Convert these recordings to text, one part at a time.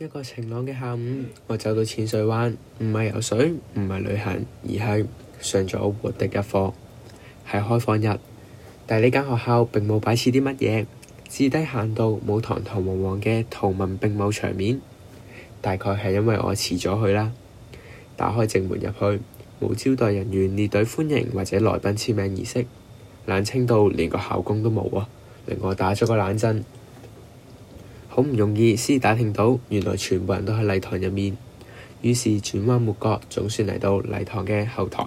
一個晴朗嘅下午，我走到淺水灣，唔係游水，唔係旅行，而係上咗活的一課。係開放日，但係呢間學校並冇擺設啲乜嘢，至低限度冇堂堂皇皇嘅圖文並茂場面。大概係因為我遲咗去啦。打開正門入去，冇招待人員列隊歡迎或者來賓簽名儀式，冷清到連個校工都冇啊！令我打咗個冷震。好唔容易先打聽到，原來全部人都喺禮堂入面。於是轉彎抹角，總算嚟到禮堂嘅後台。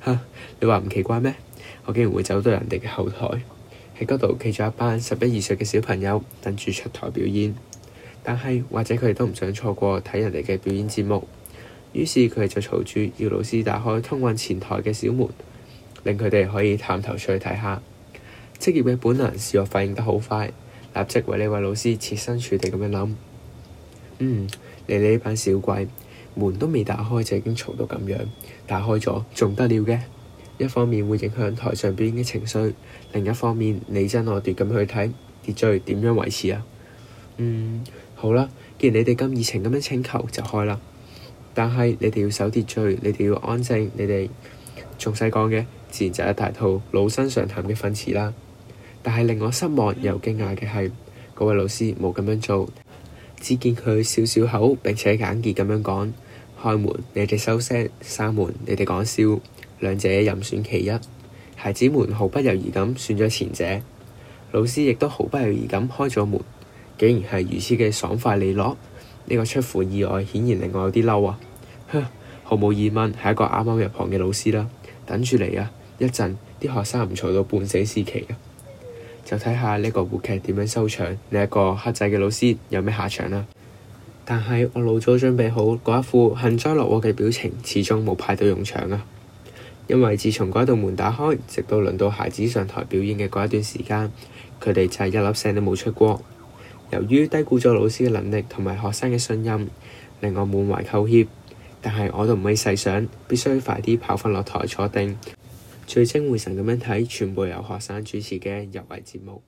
哈！你話唔奇怪咩？我竟然會走到人哋嘅後台。喺嗰度企住一班十一二歲嘅小朋友，等住出台表演。但係或者佢哋都唔想錯過睇人哋嘅表演節目，於是佢哋就嘈住要老師打開通往前台嘅小門，令佢哋可以探頭出去睇下。職業嘅本能使我反應得好快。立即為呢位老師設身處地咁樣諗，嗯，你哋呢班小鬼，門都未打開就已經嘈到咁樣，打開咗仲得了嘅？一方面會影響台上表演嘅情緒，另一方面你爭我奪咁去睇秩序點樣維持啊？嗯，好啦，既然你哋咁熱情咁樣請求，就開啦。但係你哋要守秩序，你哋要安靜，你哋仲使講嘅，自然就係一大套老生常談嘅訓詞啦。但係令我失望又驚訝嘅係，嗰位老師冇咁樣做，只見佢笑笑口，並且簡潔咁樣講：開門，你哋收聲；閂門，你哋講笑。兩者任選其一。孩子們毫不猶豫咁選咗前者，老師亦都毫不猶豫咁開咗門，竟然係如此嘅爽快利落。呢個出乎意外，顯然令我有啲嬲啊！哼，毫無疑問，係一個啱啱入行嘅老師啦。等住嚟啊！一陣啲學生唔嘈到半死時期啊！就睇下呢個活劇點樣收場，呢一個黑仔嘅老師有咩下場啊？但係我老早準備好嗰一副幸災樂禍嘅表情，始終冇派到用場啊。因為自從嗰一道門打開，直到輪到孩子上台表演嘅嗰一段時間，佢哋就係一粒聲都冇出過。由於低估咗老師嘅能力同埋學生嘅信任，令我滿懷後歉。但係我都唔可以細想，必須快啲跑翻落台坐定。聚精會神咁樣睇全部由學生主持嘅入圍節目。